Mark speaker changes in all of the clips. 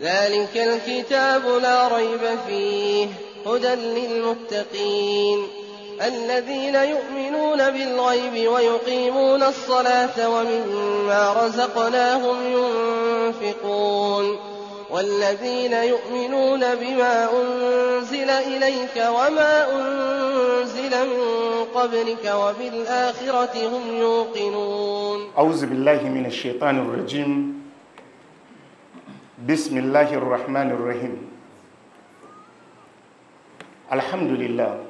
Speaker 1: ذلك الكتاب لا ريب فيه هدى للمتقين الذين يؤمنون بالغيب ويقيمون الصلاة ومما رزقناهم ينفقون والذين يؤمنون بما أنزل إليك وما أنزل من قبلك وبالآخرة هم يوقنون
Speaker 2: أعوذ بالله من الشيطان الرجيم بسم الله الرحمن الرحيم الحمد لله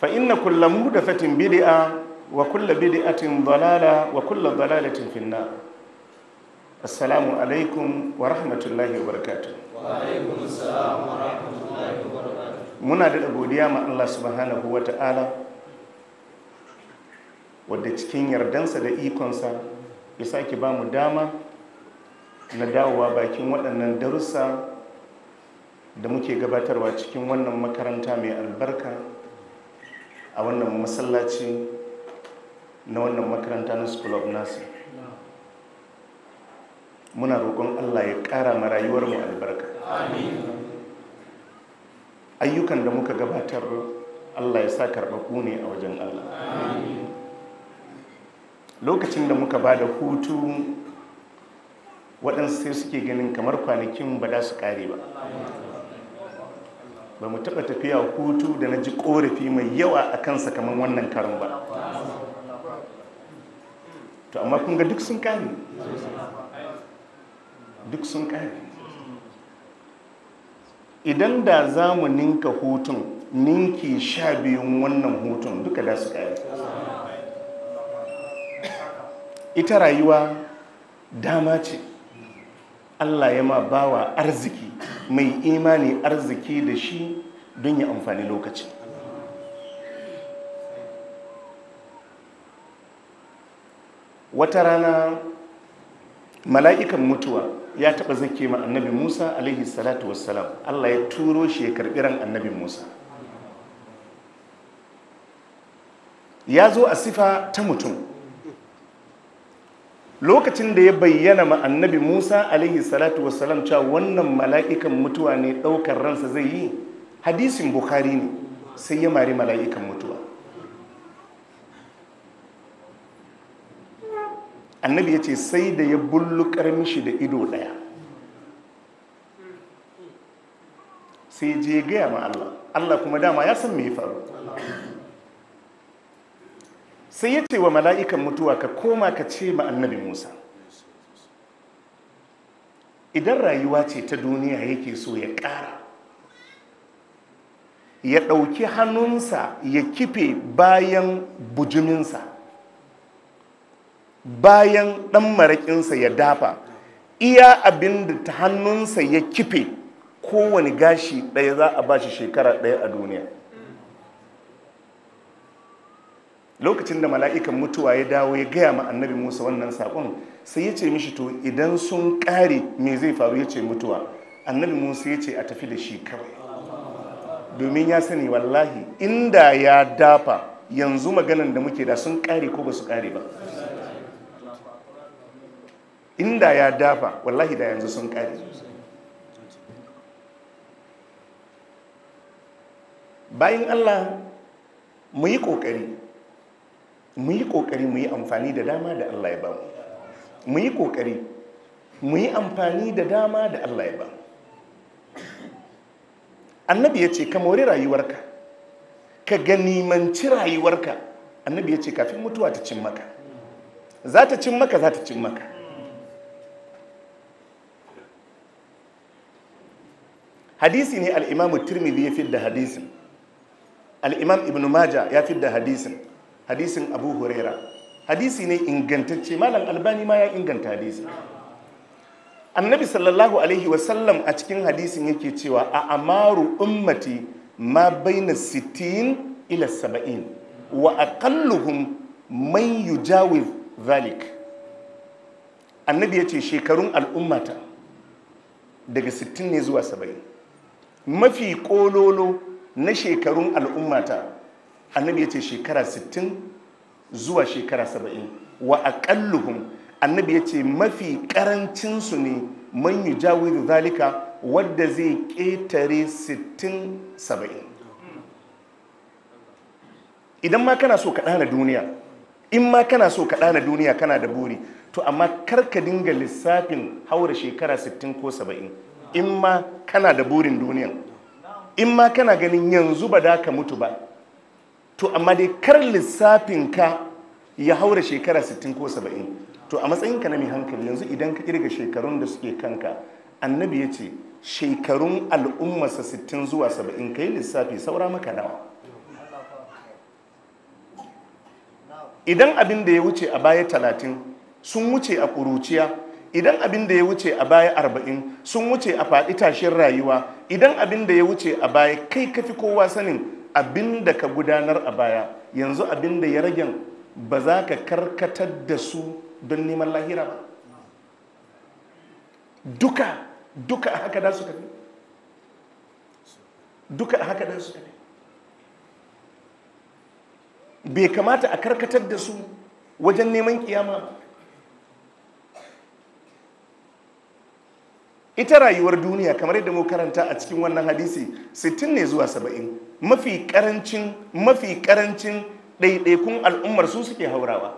Speaker 2: fa inna kulla fatin bidi'a, wa kulla bid'atin dalala wa kulla finna assalamu alaikum wa rahmatullahi wa
Speaker 3: wa alaikum
Speaker 2: muna da godiya ma Allah subhanahu wa ta'ala wadda cikin yardansa da ikonsa ya sake ba mu dama na dawowa bakin waɗannan darussa da muke gabatarwa cikin wannan makaranta mai albarka a wannan masallaci na wannan makaranta na school of nursing muna roƙon allah ya ƙara ma mu albarka ayyukan da muka gabatar allah ya sa karɓaku ne a wajen allah lokacin da muka ba da hutu waɗansu sai suke ganin kamar kwanakin ba da su ƙare ba ba mu taɓa tafiya hutu da na ji ƙorafi mai yawa a kansa kamar wannan karin ba to amma kun ga duk sun kame duk sun kame idan da za mu ninka hutun ninki sha biyun wannan hutun duka da su kare. ita rayuwa dama ce allah ya ma bawa arziki mai imani arziki da shi don yi amfani lokaci wata rana mala'ikan mutuwa ya taɓa zake ma annabi musa alaihi salatu wassalam allah ya turo shi ya karɓi ran annabi musa ya zo a sifa ta mutum lokacin da ya bayyana ma annabi Musa alaihi salatu wasalam cewa wannan mala'ikan mutuwa ne ɗaukar ransa zai yi hadisin Bukhari ne sai ya mari mala'ikan mutuwa annabi ya ce sai da ya bullukar shi da ido ɗaya sai je gaya ma Allah Allah kuma dama ya san mai faru sai ya ce wa mala'ikan mutuwa ka koma ka ce ma annabi musa idan rayuwa ce ta duniya yake so ya ƙara ya ɗauki hannunsa ya kife bayan bujuminsa bayan ɗan maraƙinsa ya dafa iya abin da ta hannunsa ya kife kowane gashi ɗaya za a ba shi shekara ɗaya a duniya lokacin da mala'ikan mutuwa ya dawo ya gaya ma annabi musa wannan saƙon sai ya ce mishi to idan sun ƙare me zai faru ya ce mutuwa annabi musa ya ce a tafi da shi kawai domin ya sani wallahi inda ya dafa yanzu maganan da muke da sun ƙare ko ba su ƙare ba inda ya dafa wallahi da yanzu sun ƙare bayan allah mu yi ƙoƙari mu yi kokari mu yi amfani da dama da Allah ya ba mu mu yi kokari mu yi amfani da dama da Allah ya ba mu annabi ya ce ka mori rayuwarka ka ganimanci rayuwarka annabi ya ce kafin mutuwa ta cin maka za ta cin maka za ta cin maka hadisi ne al'imamu turmili ya fi da hadisin al'imam ibn maja ya fi da hadisin hadisin abu huraira hadisi ne ingantacce malam albani ma ya inganta hadisi annabi sallallahu alaihi wasallam a cikin hadisin yake cewa a amaru ummati ma baina sittin ila saba'in wa aqalluhum man yujawiz zalik annabi ya ce shekarun al'ummata daga sittin ne zuwa saba'in mafi kololo na shekarun al'ummata annabi ya ce shekara 60 zuwa shekara 70 wa aqalluhum annabi ya ce mafi karancinsu ne man yujawizu zalika wadda zai ƙetare 60-70 idan ma kana so ka ɗana duniya in ma kana so ka ɗana duniya kana da buri to amma karka dinga lissafin haura shekara 60 ko 70 in ma kana da burin duniya in ma kana ganin yanzu ba da ka mutu ba to amma dai kar ka ya haura shekara 60 ko 70 to a matsayinka na mai hankali yanzu idan ka kirga shekarun da suke kanka annabi ya ce shekarun al'ummarsa 60 zuwa 70 ka yi lissafi saura maka nawa idan abin da ya wuce a baya 30 sun wuce a ƙuruciya idan abin da ya wuce a baya arba'in sun wuce a faɗi tashin rayuwa idan abin da ya wuce a baya kai kafi kowa sanin abin da ka gudanar a baya yanzu abin da ya ragen ba za ka karkatar da su don neman lahira ba duka duka a haka da su tafi duka a haka da su tafi bai kamata a karkatar da su wajen neman kiyama ba ita rayuwar duniya kamar yadda mu karanta a cikin wannan hadisi 60 ne zuwa 70 mafi karancin mafi karancin ɗaiɗaikun al'ummar su suke haurawa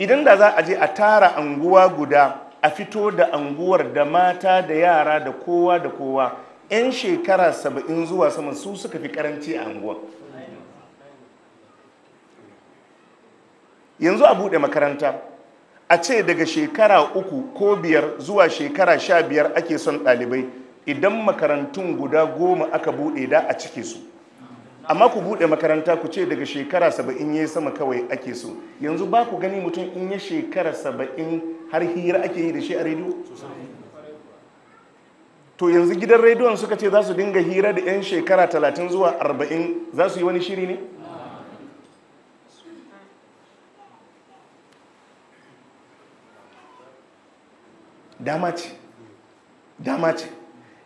Speaker 2: idan da za a je a tara anguwa guda a fito da anguwar da mata da yara da kowa da kowa 'yan shekara saba'in zuwa sama su suka fi karanci a anguwa yanzu a buɗe makaranta a ce daga shekara uku ko biyar zuwa shekara sha biyar ake son ɗalibai idan makarantun guda goma aka buɗe da a cike su amma ku buɗe makaranta ku ce daga shekara saba'in ya sama kawai ake so yanzu ba ku gani mutum in ya shekara saba'in har hira ake yi da shi a rediyo to yanzu gidan rediyon suka ce za su dinga hira da 'yan shekara talatin zuwa arba'in za su yi wani shiri ne dama ce dama ce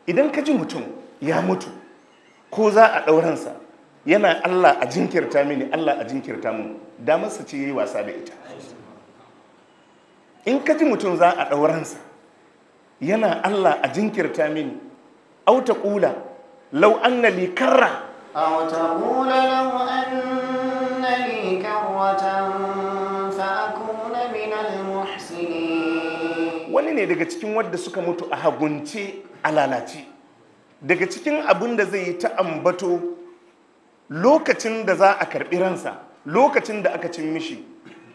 Speaker 2: idan ka ji mutum ya mutu ko za a ɗauransa yana allah a jinkirta mini allah a jinkirta mu damarsa ce yi wasa da ita in ka ji mutum za a ɗauransa yana allah a jinkirta mini auta ƙula lau an likarra auta ƙula
Speaker 4: lau an na
Speaker 2: ne daga cikin wadda suka mutu a hagunce a lalace daga cikin abin da zai yi ta ambato lokacin da za a karɓi ransa lokacin da aka cin mishi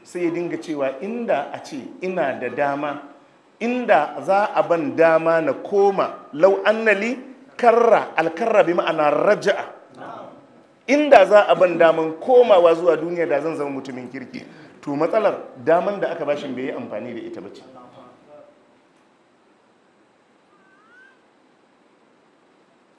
Speaker 2: sai ya dinga cewa inda a ce ina da dama inda za a ban dama na koma lau annali karra alkarra bi ma'ana raja'a inda za a ban daman komawa zuwa duniya da zan zama mutumin kirki to matsalar daman da aka bashin bai yi amfani da ita ba ce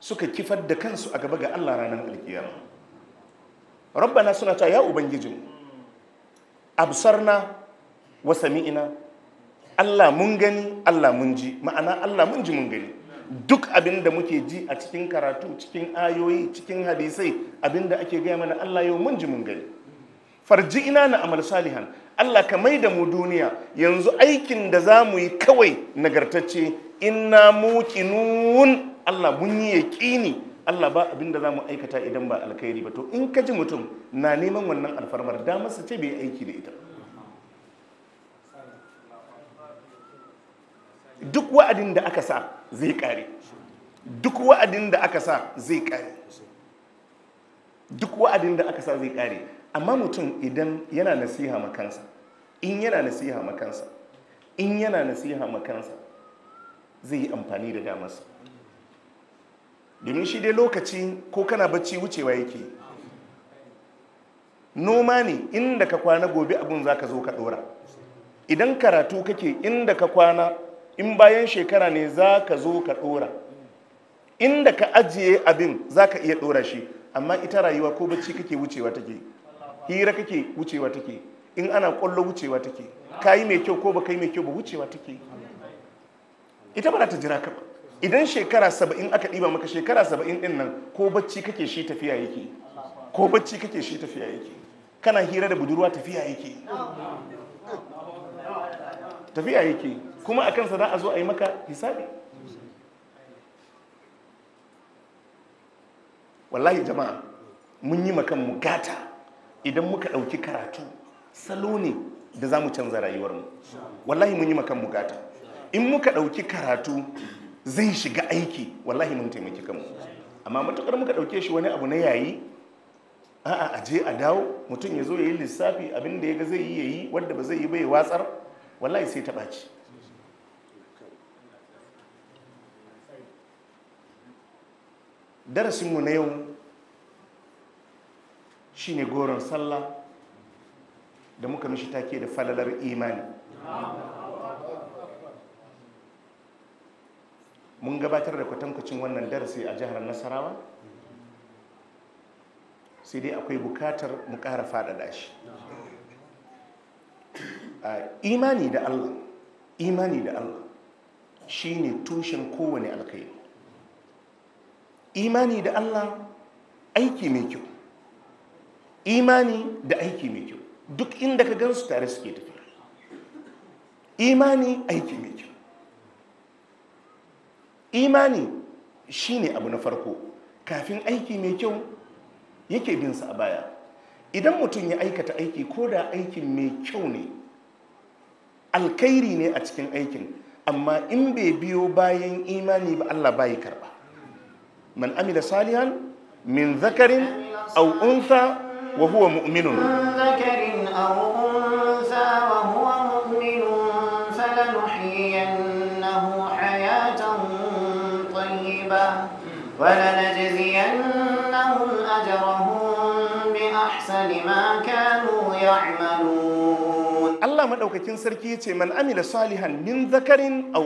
Speaker 2: suka kifar da kansu a gaba ga Allah ranar alkiyar. rabbana suna ta ya ubangijin absarna wa sami'ina Allah mun gani Allah mun ji ma'ana Allah mun ji mun gani duk abin da muke ji a cikin karatu cikin ayoyi cikin hadisai abin da ake gaya mana Allah yau mun ji mun gani farji ina na amal salihan Allah ka mai da mu duniya yanzu aikin da za mu yi kawai nagartacce inna muqinun Allah mun yi yaƙini Allah ba abin da za mu aikata idan ba alkhairi ba to in ka ji mutum na neman wannan alfarmar damar su ce bai aiki da ita duk wa'adin da aka sa zai kare duk wa'adin da aka sa zai kare duk wa'adin da aka sa zai kare amma mutum idan yana nasiha makansa in yana nasiha makansa in yana nasiha makansa zai yi amfani da damarsa domin shi dai lokaci ko kana bacci wucewa yake noma ne inda ka kwana gobe abin za ka zo ka dora idan karatu kake inda ka kwana in bayan shekara ne za ka zo ka dora inda ka ajiye abin za ka iya dora shi amma ita rayuwa ko bacci kake wucewa take hira kake wucewa take in ana kwallo wucewa take kayi mai kyau ko ba kai mai kyau ba wucewa take ita ba ta jira ka ba idan shekara saba'in aka ɗiba maka shekara saba'in ɗin nan ko bacci kake shi tafiya yake ko bacci kake shi tafiya yake kana hira da budurwa tafiya yake tafiya yake kuma a kansa za a zo a yi maka hisabi wallahi jama'a mun yi makan mu gata idan muka ɗauki karatu salo ne da za mu canza rayuwarmu wallahi mun yi makan mu gata in muka ɗauki karatu zai shiga aiki wallahi mun taimaki kanmu amma matukar muka dauke shi wani abu na yayi a'a a je a dawo mutum ya zo ya yi lissafi abin da ya ga zai yi ya yi wadda ba zai yi bai watsar wallahi sai ta ɓaci darasinmu na yau shine goron sallah da muka mishi take da falalar imani mun gabatar da kwatankwacin wannan darasi a jihar nasarawa sai dai akwai bukatar mu ƙara faɗaɗa shi imani da allah imani da allah shine tushen kowane alkai imani da allah aiki mai kyau imani da aiki mai kyau duk inda ka gansu tare suke tafiya imani aiki mai kyau imani shine abu na farko kafin aiki mai kyau yake binsa a baya idan mutum ya aikata aiki ko da aikin mai kyau ne alkairi ne a cikin aikin amma in bai biyo bayan imani ba allah bayi karba man amila salihan min zakarin au wa huwa mu'minun
Speaker 4: zakarin au'unsa
Speaker 2: ta'malun Allah sarki sarki yace man Salihan salihan min zakarin aw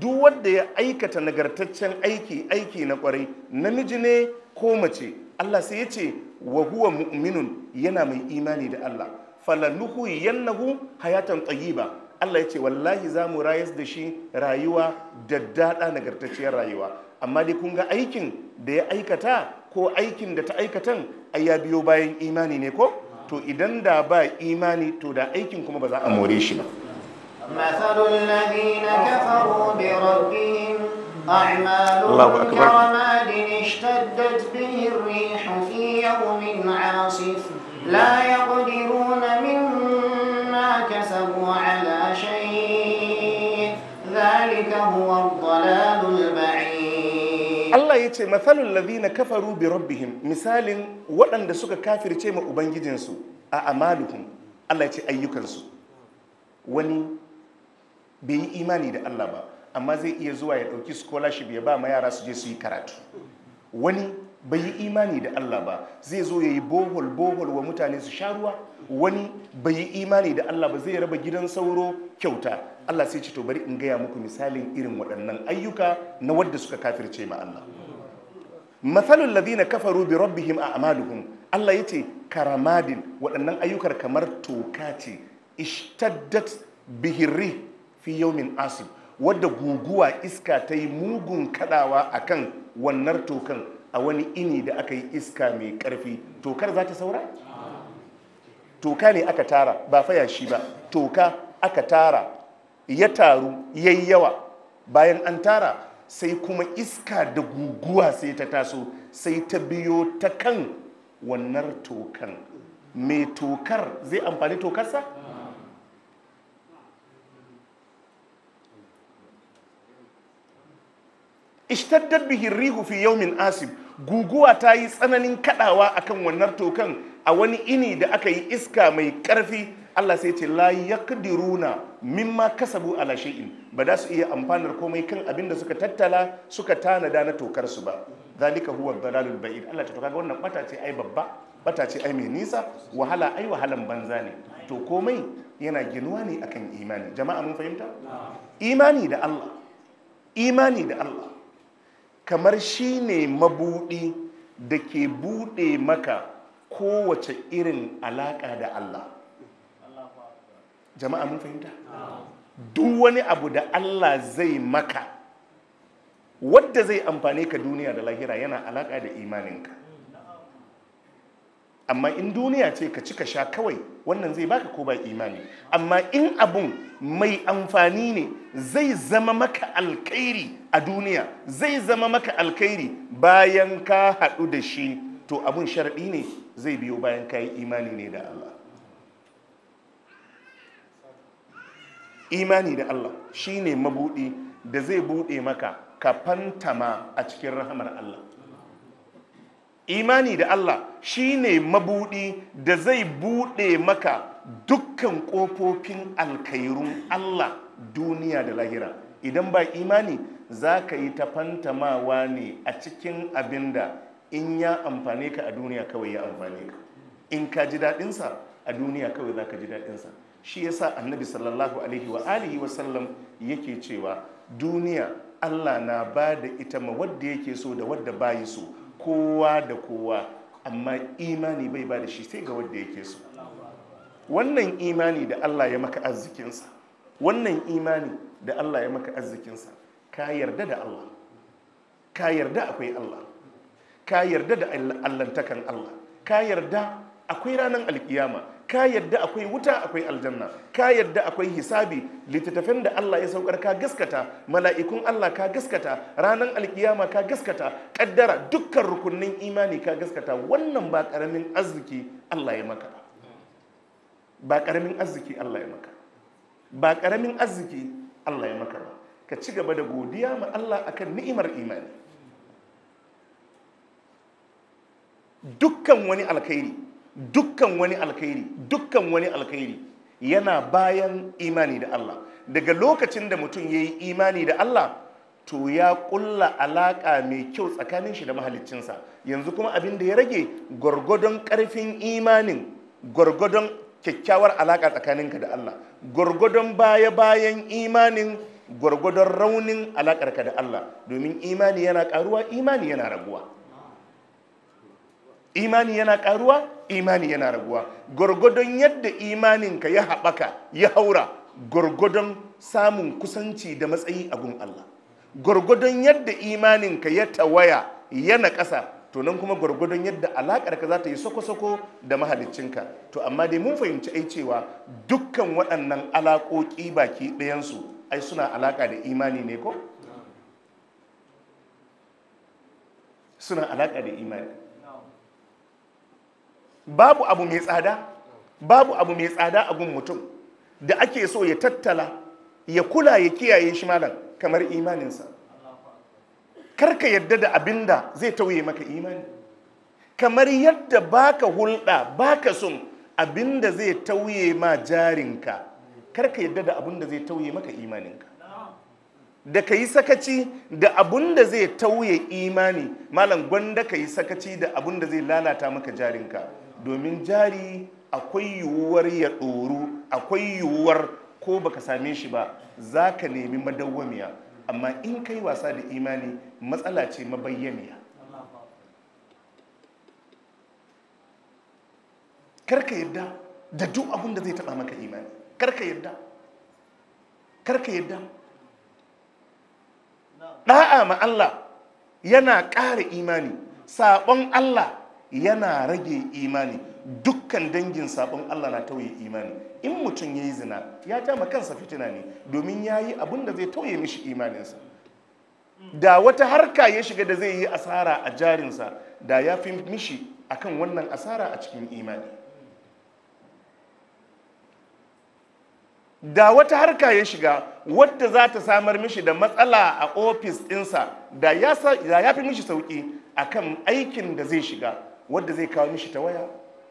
Speaker 2: duk wanda ya aikata nagartaccen aiki aiki na kwarai namiji ne ko mace Allah sai yace ce wa huwa mu'minun yana mai imani da Allah falanuhu yannahu hayatan tayyiba Allah ya ce wallahi za mu rayas da shi rayuwa daddada nagartacciyar rayuwa amma dai kun ga aikin da ya aikata ko aikin da ta aikatan ai ya biyo bayan imani ne ko to idan da ba imani to da aikin kuma ba za a more shi ba
Speaker 4: مثل الذين كفروا بربهم أعمالهم كرماد اشتدت به الريح في يوم عاصف لا يقدرون مما كسبوا على شيء ذلك هو الضلال البعيد
Speaker 2: Allah ya ce mathalul ladhina kafaru bi rabbihim misalin waɗanda suka kafirce ma ubangijinsu a amalukum Allah ya ce ayyukansu wani bai yi imani da Allah ba amma zai iya zuwa ya ɗauki scholarship ya ba ma yara su je su yi karatu wani bai yi imani da Allah ba zai zo ya yi bohol bohol wa mutane su sha ruwa wani bai yi imani da Allah ba zai raba gidan sauro kyauta Allah sai ce to bari in gaya muku misalin irin waɗannan ayyuka na wadda suka kafirce ma Allah mathalul ladina kafaru bi rabbihim a'maluhum Allah ya ce karamadin waɗannan ayyukar kamar toka ce ishtaddat bihirri fi yawmin asib wadda guguwa iska ta yi mugun kadawa akan wannan tokan a wani ini da aka yi iska mai karfi tokar za ta saura toka ne aka tara ba faya shi ba toka aka tara ya taru ya yi yawa bayan an tara sai kuma iska da guguwa sai ta taso sai ta biyo ta kan wannan tokan mai tokar zai amfani tokarsa? ishtaddar bihi rihu fi yawmin asib guguwa ta yi tsananin kadawa akan wannan tokan a wani ini da aka yi iska mai karfi Allah sai ce la yaqdiruna mimma kasabu ala shay'in ba da su iya amfanar komai kan abin da suka tattala suka tanada na tokar su ba zalika huwa dalalul ba'id Allah ta kaga wannan bata ce ai babba bata ce ai mai nisa wahala ai wahalan banza ne to komai yana ginuwa ne akan imani jama'a mun fahimta imani da Allah imani da Allah kamar shi ne mabuɗi da ke buɗe maka kowace irin alaƙa da Allah jama'a mun fahimta duk wani abu da Allah zai maka wadda zai amfane ka duniya da lahira yana alaƙa da imaninka amma in duniya ce ka ci ka sha kawai wannan zai baka ko ba imani amma in abun mai amfani ne zai zama maka alkairi a duniya zai zama maka alkairi bayan ka haɗu da shi to abun sharaɗi ne zai biyo bayan ka yi imani ne da Allah imani da Allah shi ne mabuɗi da zai buɗe maka ka fantama a cikin rahamar Allah imani da Allah shine mabudi da zai bude maka dukkan kofofin alkairun Allah duniya da lahira idan ba imani za ka yi ta fantamawa ne a cikin abin da in ya amfane ka a duniya kawai ya amfane ka in ka ji daɗinsa a duniya kawai za ka ji daɗinsa shi yasa annabi sallallahu alaihi wa alihi wa sallam yake cewa duniya Allah na ba da ita ma wadda yake so da wadda bayi so kowa da kowa amma imani bai ba da shi sai ga wadda yake so wannan imani da Allah ya maka arzikinsa wannan imani da Allah ya maka arzikinsa ka yarda da Allah ka yarda akwai Allah ka yarda da allantakan Allah ka yarda akwai ranar alkiyama ka yadda akwai wuta akwai aljanna ka yadda akwai hisabi littattafan da Allah ya saukar ka gaskata mala'ikun Allah ka gaskata ranar alkiyama ka gaskata kaddara dukkan rukunin imani ka gaskata wannan ba karamin arziki Allah ya maka ba karamin arziki Allah ya maka ba karamin arziki Allah ya maka ba ka ci gaba da godiya ma Allah akan ni'imar imani dukkan wani alkhairi dukkan wani alkhairi dukkan wani alkhairi yana bayan imani da Allah daga lokacin da mutum ya yi imani da Allah to ya kulla alaka mai kyau tsakanin shi da mahaliccinsa yanzu kuma abin da ya rage gwargwadon karfin imanin gwargwadon kyakkyawar alaka tsakaninka da Allah gwargwadon baya bayan imanin gwargwadon raunin alakarka da Allah domin imani yana karuwa imani yana raguwa imani yana karuwa imani yana raguwa gwargwadon yadda imaninka ya haɓaka ya haura gwargwadon samun kusanci da matsayi a gun Allah gwargwadon yadda imaninka ya tawaya yana ƙasa to nan kuma gwargwadon yadda ka za ta yi sako-sako da mahaliccinka to amma dai mun fahimci ai cewa dukkan waɗannan alaƙoƙi baki ɗayansu ai suna alaƙa da imani ne ko suna alaƙa da imani babu abu mai tsada babu abu mai tsada a gun mutum da ake so ya tattala ya kula ya kiyaye shi malam kamar imaninsa karka yadda da abin zai tauye maka imani kamar yadda baka hulɗa baka sun abin da zai tauye ma jarinka karka yadda da abinda zai tauye maka imaninka da ka yi sakaci da abun da zai tauye imani malam gwanda ka yi sakaci da abun da zai lalata maka jarinka domin jari akwai yiwuwar ya ɗoru akwai yiwuwar ko baka same shi ba za ka nemi madawwamiya amma in kai wasa da imani matsala ce mabayyaniya karka yadda da duk abin da zai taba maka imani karka yadda karka yadda da'a ma Allah yana ƙara imani saɓon Allah yana rage imani dukkan dangin sabon Allah na tauye imani in mutum ya yi zina ya jama kansa fitina ne domin ya yi abin da zai tauye mishi imaninsa da wata harka ya shiga da zai yi asara a jarinsa da ya fi mishi akan wannan asara a cikin imani da wata harka ya shiga wadda za ta samar mishi da matsala a ofis dinsa da ya fi mishi sauƙi akan aikin da zai shiga wadda zai kawo mishi ta waya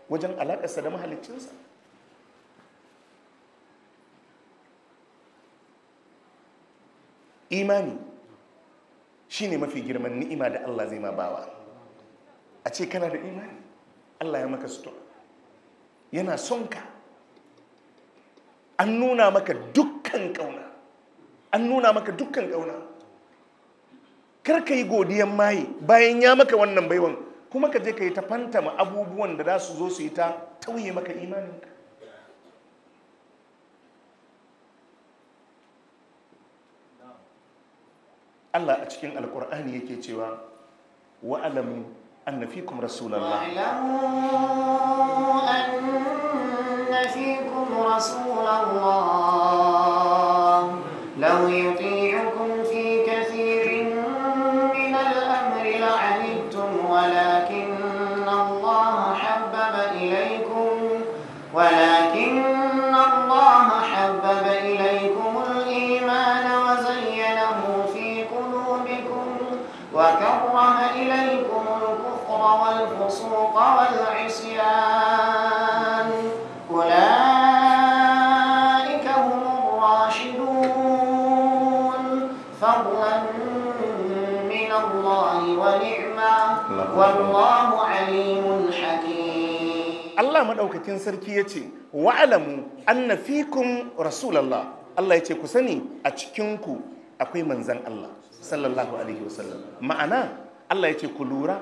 Speaker 2: wajen alaƙarsa da mahalicinsa imani shi ne mafi girman ni'ima da Allah zai ma bawa a ce kana da imani Allah ya maka suto. yana son ka an nuna maka dukkan ƙauna an nuna maka dukkan ƙauna karka yi godiyan maye bayan ya maka wannan baiwan kuma ka je kai yi ta fantama abubuwan da za su zo su yi ta tauye maka imaninka Allah a cikin alqur'ani yake cewa wa alamu anna fikum rasulullah
Speaker 4: anna fikum rasulallah law yuti
Speaker 2: cikin sarki ya ce wa'alamu fi kun rasulallah Allah ya ce ku sani a cikinku akwai manzan Allah sallallahu alaihi wasallam ma'ana Allah ya ce ku lura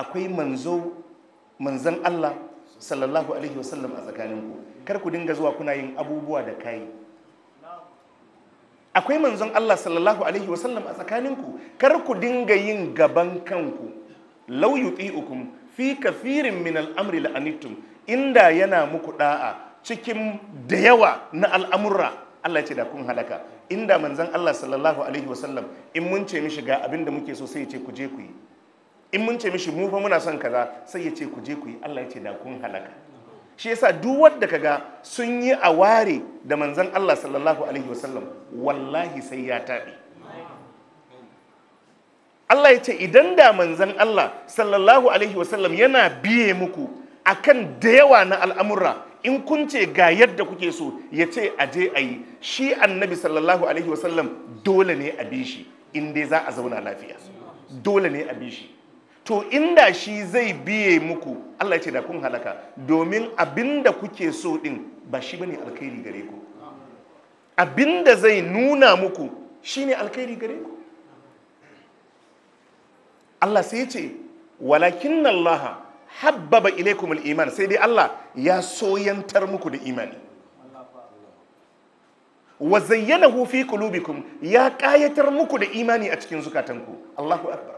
Speaker 2: akwai manzo manzan Allah sallallahu alaihi wasallam a tsakaninku kar ku dinga zuwa kuna yin abubuwa da kayi akwai manzon Allah sallallahu alaihi wasallam a tsakaninku kar ku dinga yin gaban kanku lau yuti'ukum fi kafirin min al'amri la'anittum inda yana muku da'a cikin da yawa na al'amurra Allah ce da kun halaka inda manzan Allah sallallahu alaihi wasallam in mun ce mishi ga abin da muke so sai ya ce ku je ku yi in mun ce mishi mu fa muna son kaza sai ya ce ku je ku yi Allah ya ce da kun halaka shi yasa duk wanda kaga sun yi a ware da manzan Allah sallallahu alaihi wasallam wallahi sai ya taɓi Allah ya ce idan da manzan Allah sallallahu alaihi wasallam yana biye muku akan da yawa na al'amura in kun ce ga yadda kuke so ya ce a je a yi shi annabi sallallahu alaihi wasallam dole ne a bi shi in dai za a zauna lafiya dole ne a bi shi to inda shi zai biye muku Allah ya ce da kun halaka domin abinda kuke so din ba shi bane alkhairi gare ku abinda zai nuna muku shine alkhairi gare ku Allah sai ce walakin Allah habbaba ilaikum iman sai dai Allah ya soyantar muku da imani wa zayyanahu fi qulubikum ya kayatar muku da imani a cikin zukatanku Allahu akbar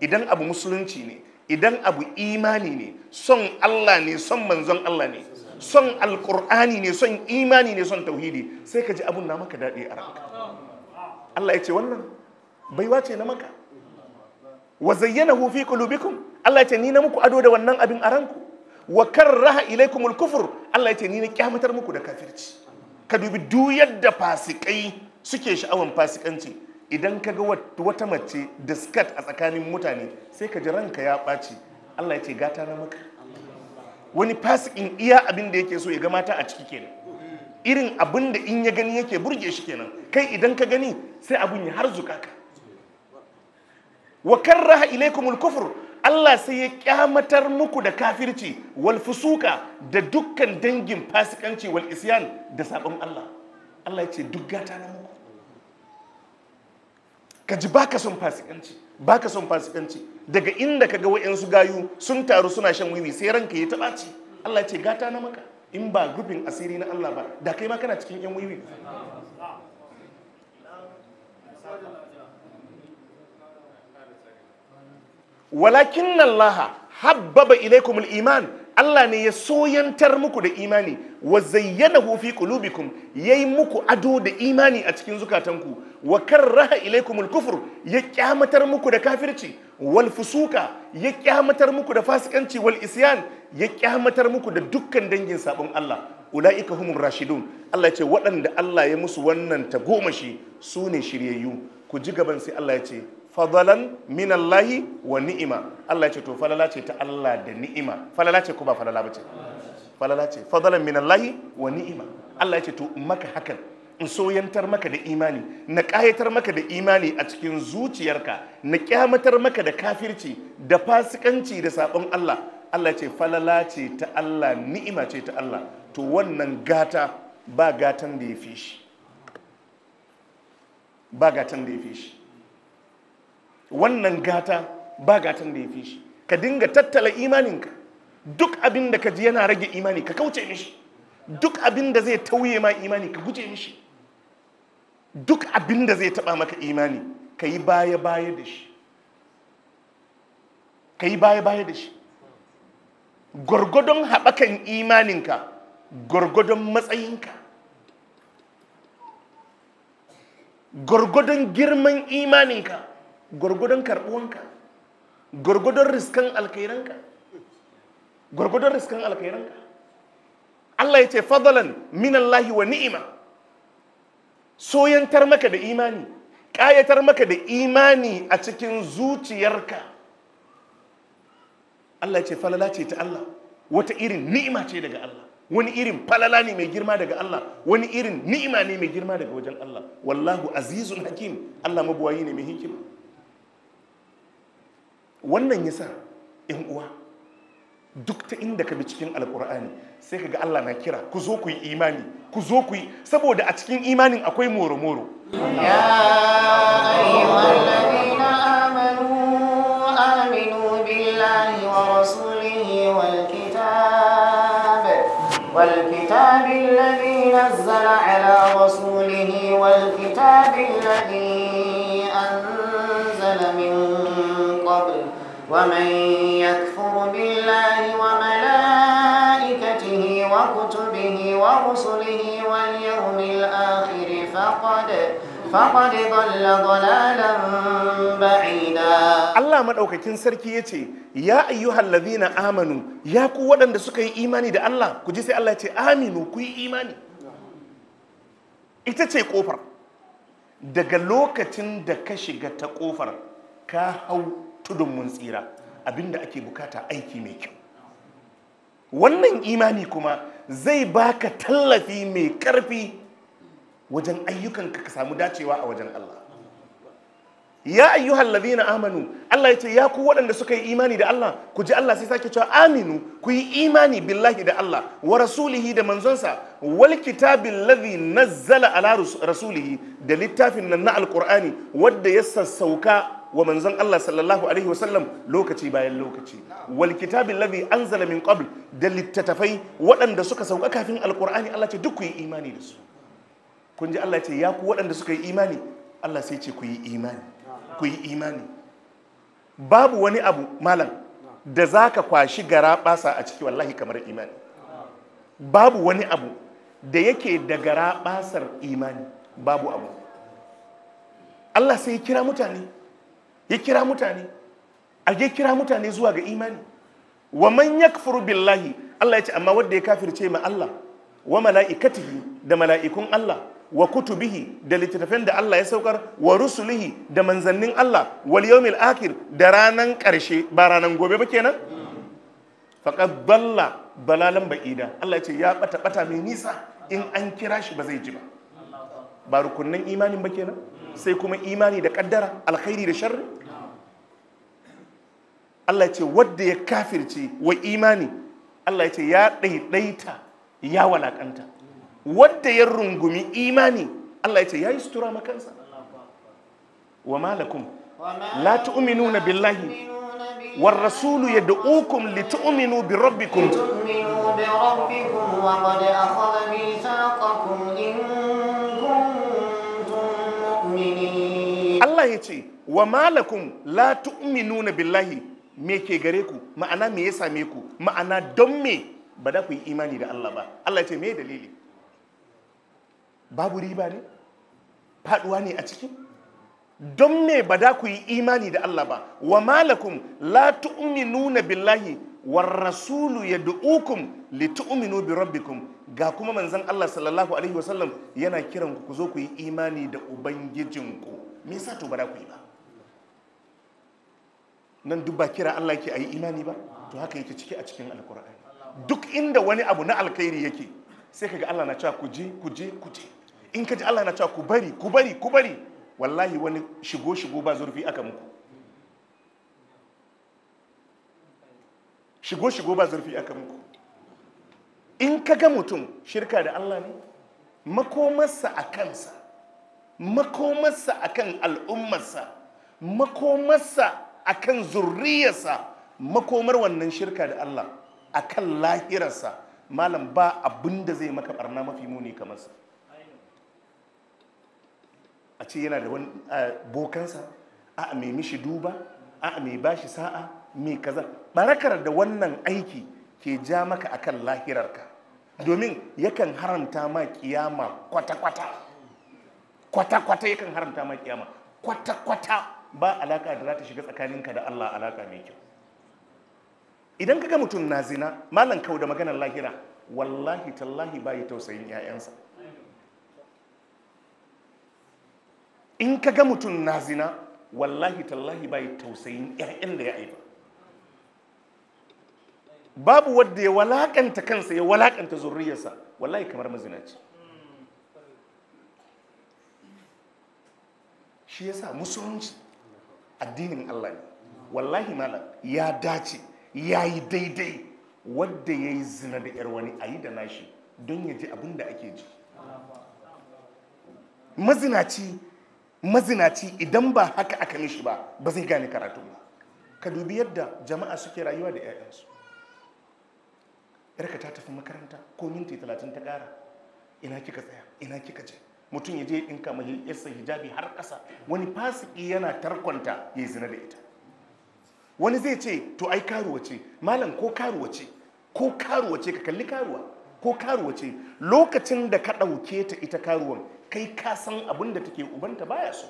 Speaker 2: idan abu musulunci ne idan abu imani ne son Allah ne son manzon Allah ne son alkur'ani ne son imani ne son tauhidi sai ka ji abun na maka daɗi a ranka Allah ya ce wannan baiwa ce na maka wa zayyanahu fi qulubikum Allah ya ce ni na muku ado da wannan abin a ranku wa raha ilaikumul kufur Allah ya ce ni na kyamatar muku da kafirci ka dubi duk yadda fasikai suke sha'awan fasikanci idan ka ga wata mace da skirt a tsakanin mutane sai ka ji ranka ya ɓaci Allah ya ce gata na maka wani fasikin iya abin da yake so ya ga mata a ciki kenan irin abin da in ya gani yake burge shi kenan kai idan ka gani sai abin ya harzuka ka wa karraha ilaikumul kufur Allah sai ya kyamatar muku da kafirci wal fusuka da dukkan dangin fasikanci wal isyan da sabon Allah Allah ya ce duk gata na muku ka ji baka son fasikanci baka son fasikanci daga inda kaga wayansu gayu sun taru suna shan wiwi sai ranka ya taba ci Allah ya ce gata na maka in ba rufin asiri na Allah ba da kai ma kana cikin yan wiwi walakin Allah habbaba ilaikumul iman Allah ne ya soyantar muku da imani wa zayyana fi qulubikum yayi muku ado da imani a cikin zukatanku wa raha ilaikumul kufur ya kyamatar muku da kafirci wal fusuka ya kyamatar muku da fasikanci wal isyan ya kyamatar muku da dukkan dangin sabon Allah ula'ika humur rashidun Allah ya ce waɗanda Allah ya musu wannan ta tagomashi su ne shiryayyu ku ji gaban sai Allah ya ce fadalan minallahi wa ni'ima Allah ya ce to falala ce ta Allah da ni'ima falala ce ko ba falala bace falala ce fadalan minallahi wa ni'ima Allah ya ce to maka hakan in soyantar maka da imani na ƙayatar maka da imani a cikin zuciyarka na kyamatar maka da kafirci da fasikanci da sabon Allah Allah ce falala ce ta Allah ni'ima ce ta Allah to wannan gata ba gatan da ya fi shi ba gatan da ya fi shi wannan gata ba gatan da ya fi shi ka dinga tattala imaninka duk abin da ka ji yana rage imani ka kauce mishi duk abin da zai tauye ma imani ka guje mishi duk abin da zai taba maka imani ka yi baya-baya da shi ka yi baya-baya da shi gwargwadon haɓakan imaninka gwargwadon matsayinka gwargwadon girman imaninka gwargwadon karbuwanka gwargwadon riskan alkairanka gwargwadon riskan alkairanka Allah ya ce fadalan minallahi wa ni'ima soyantar maka da imani ƙayatar maka da imani a cikin zuciyarka Allah ya ce falala ce ta Allah wata irin ni'ima ce daga Allah wani irin falala ne mai girma daga Allah wani irin ni'ima ne mai girma daga wajen Allah wallahu azizun hakim Allah mabuwayi ne mai hikima wannan yasa yan uwa duk ta inda ka bi cikin alkur'ani sai ka ga Allah na kira ku zo ku yi imani ku zo ku yi saboda a cikin imanin akwai moro moro ya ayyuhallazina
Speaker 4: amanu aminu billahi wa
Speaker 2: rasulihi wal
Speaker 4: kitab wal kitab alladhi nazzala ala rasulihi wal kitab alladhi ومن يكفر بالله وملائكته وكتبه ورسله واليوم الآخر فقد فقد ضل ضلالا
Speaker 2: بعيدا الله مدaukakin sarki yace ya يا ladhina الذين ya يا waɗanda suka yi imani da Allah ku ji sai Allah ya ce aminu ku ita ce kofar daga lokacin da ka shiga ta kofar ka hau tsudun mun tsira abinda ake bukata aiki mai kyau wannan imani kuma zai baka tallafi mai karfi wajen ayyukan ka samu dacewa a wajen Allah ya ayyuhal na amanu Allah ya ce ya ku waɗanda suka yi imani da Allah ku ji Allah sai sake cewa aminu ku yi imani billahi da Allah wa rasulihi da manzonsa wal kitabil ladhi nazzala ala rasulihi da littafin nan na alqur'ani wanda ya sassauka wa manzon Allah sallallahu alaihi wasallam lokaci bayan lokaci wal kitabin ladhi anzala min qabl da littattafai waɗanda suka sauka kafin alqur'ani Allah ce duk ku yi imani da su kun ji Allah ce ya ku waɗanda suka yi imani Allah sai ce ku imani ku imani babu wani abu malam da zaka kwashi gara basa a ciki wallahi kamar imani babu wani abu da yake da gara basar imani babu abu Allah sai kira mutane ya kira mutane a ya kira mutane zuwa ga imani wa man yakfuru billahi Allah ya ce amma wanda ya kafirce ma Allah wa mala'ikatihi da mala'ikun Allah wa kutubihi da littattafan da Allah ya saukar wa rusulihi da manzannin Allah wal yawmil akhir da ranan karshe ba ranan gobe ba kenan faqad dalla balalan ba'ida Allah ya ce ya bata bata mai nisa in an kira shi ba zai ji ba ba rukunnan imanin ba kenan sai kuma imani da ƙaddara, alkhairi da sharri Allah ya ce wadda ya kafirce wa imani Allah ya ce ya ɗaiɗaita ya walakanta wadda ya rungumi imani Allah ya ce ya yi sutura makansa wa malakum la tu'minuna billahi war rasulu yad'ukum litu'minu bi rabbikum Allah ya ce wa malakum la tu'minuna billahi me ke gare ku ma'ana me ya same ku ma'ana don me ba da ku yi imani da Allah ba Allah ya ce me dalili babu riba ne faduwa ne a ciki don me ba da ku yi imani da Allah ba wa malakum la tu'minu billahi war rasulu yad'ukum litu'minu bi rabbikum ga kuma manzon Allah sallallahu alaihi wasallam yana kiran ku ku zo ku yi imani da ubangijinku me yasa to ba da ku yi ba nan duk ba kira Allah yake ayi imani ba to haka yake ciki a cikin alkur'ani duk inda wani abu na alkhairi yake sai kaga Allah na cewa ku je ku je ku je in kaji Allah na cewa ku bari ku bari ku bari wallahi wani shigo shigo ba zurfi aka muku shigo shigo ba zurfi aka muku in kaga mutum shirka da Allah ne makomarsa a kansa makomarsa akan al'ummarsa makomarsa akan zurriyarsa makomar wannan shirka da Allah akan lahirarsa malam ba abin da zai maka barna mafi muni kamar sa a ce yana da wani bokansa a mai mishi duba a mai bashi sa'a mai kaza barakar da wannan aiki ke ja maka akan lahirarka domin yakan haramta ma kiyama kwata-kwata kwata-kwata yakan haramta ma kiyama kwata-kwata ba alaka da za ta shiga tsakaninka da Allah alaka mai kyau idan kaga mutum na zina malam kau da maganar lahira wallahi tallahi ba yi tausayin 'ya'yansa in kaga mutum na zina wallahi tallahi ba yi tausayin 'ya'yan da ya aiba babu wadda ya walakanta kansa ya walakanta zurriyarsa wallahi kamar mazinaci shi yasa musulunci addinin Allah ne wallahi malam ya dace ya yi daidai wadda ya yi zina da yar wani a yi da nashi don ya ji abin da ake ji mazinaci mazinaci idan ba haka aka mishi ba ba zai gane karatu ba ka dubi yadda jama'a suke rayuwa da 'ya'yansu yarka ta tafi makaranta ko minti talatin ta ƙara ina kika tsaya ina kika je mutum ya je in ɗinka mahi hijabi har ƙasa wani fasiki yana tarkonta ya zina da ita wani zai ce to ai karuwa ce malam ko karuwa ce ko karuwa ce ka kalli karuwa ko karuwa ce lokacin da ka ɗauke ta ita karuwan kai ka san abin da take ubanta baya so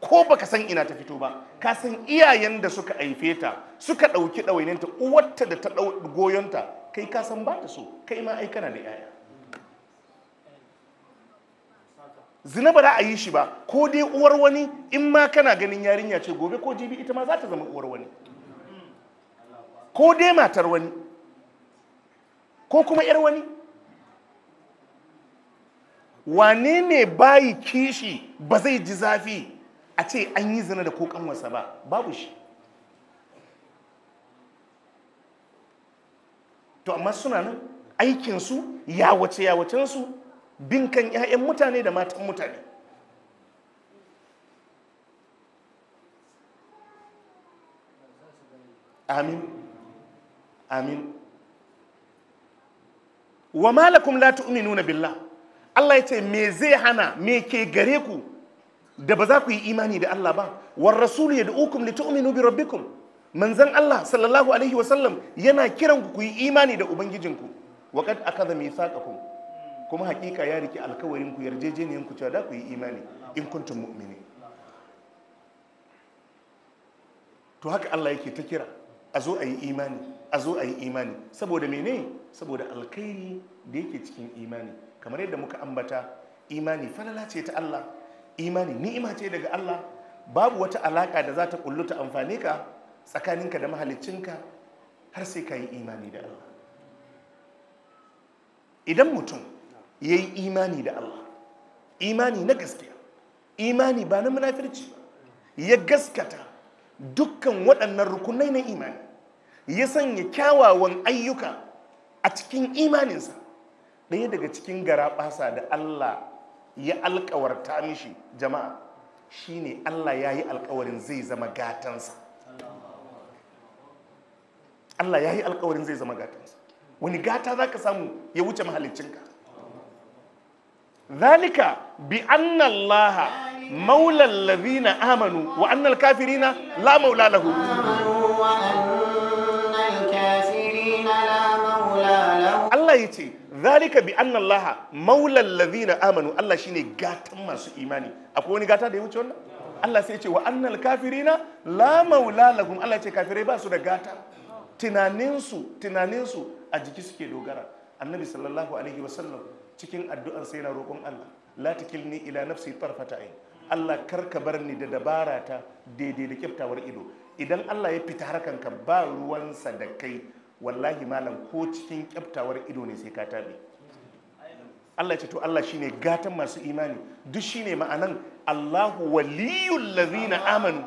Speaker 2: ko baka san ina ta fito ba ka san iyayen da suka haife ta suka ɗauki ɗawaininta uwarta da ta goyonta kai ka san ba ta so kai ma ai kana da 'ya'ya zina ba za a yi shi ba ko dai uwar wani in ma kana ganin yarinya ce gobe ko jibi ita ma za ta zama uwar wani ko dai matar wani ko kuma yar wani wane ne bayi kishi ba zai ji zafi a ce an yi zina da kokan wasa ba babu shi to amma suna nan aikinsu yawace wacensu Binkan 'ya'yan mutane da matan mutane amin amin wa malakum la tu'minuna billah Allah ya ce me zai hana me ke gare ku da ba za ku yi imani da Allah ba war rasulu yad'ukum tu'minu bi rabbikum manzon Allah sallallahu alaihi wasallam yana kiran ku ku yi imani da ubangijinku waqad akadha mithaqakum kuma hakika ya rike alkawarin ku yarjejeniyan ku cewa da ku yi imani in kuntum mu'mini to haka Allah yake ta kira a zo a yi imani a zo a yi imani saboda mene saboda alkhairi da yake cikin imani kamar yadda muka ambata imani falala ce ta Allah imani ni'ima ce daga Allah babu wata alaka da za ta kulluta amfane ka tsakaninka da mahaliccinka har sai ka yi imani da Allah idan mutum ya yi imani da Allah imani na gaskiya imani ba na munafirci ya gaskata dukkan waɗannan rukunai na imani ya sanya kyawawan ayyuka a cikin imaninsa ɗaya daga cikin garaɓasa da Allah ya alkawarta mishi jama'a shine Allah ya yi alkawarin zai zama gatansa Allah ya yi alkawarin zai zama gatansa wani gata za ka samu ya wuce mahalicinka zalika bi anna Allah maula allazina amanu wa anna al-kafirina la maula lahu Allah ya ce zalika bi anna Allah maula allazina amanu Allah shine gatan masu imani akwai wani gata da ya wuce wannan Allah sai ya ce wa anna kafirina la maula lahum Allah ya ce kafirai ba su da gata tunaninsu tunaninsu a jiki suke dogara annabi sallallahu alaihi wasallam cikin addu'an sai na roƙon Allah la takilni ila nafsi tarfata ayn Allah ka bar ni da dabara ta daidai da kyaftawar ido idan Allah ya fita harkan ka ba ruwansa da kai wallahi malam ko cikin kyaftawar ido ne sai ka tabe Allah ce to Allah shine gatan masu imani duk shine ma'anan Allahu waliyul ladhina amanu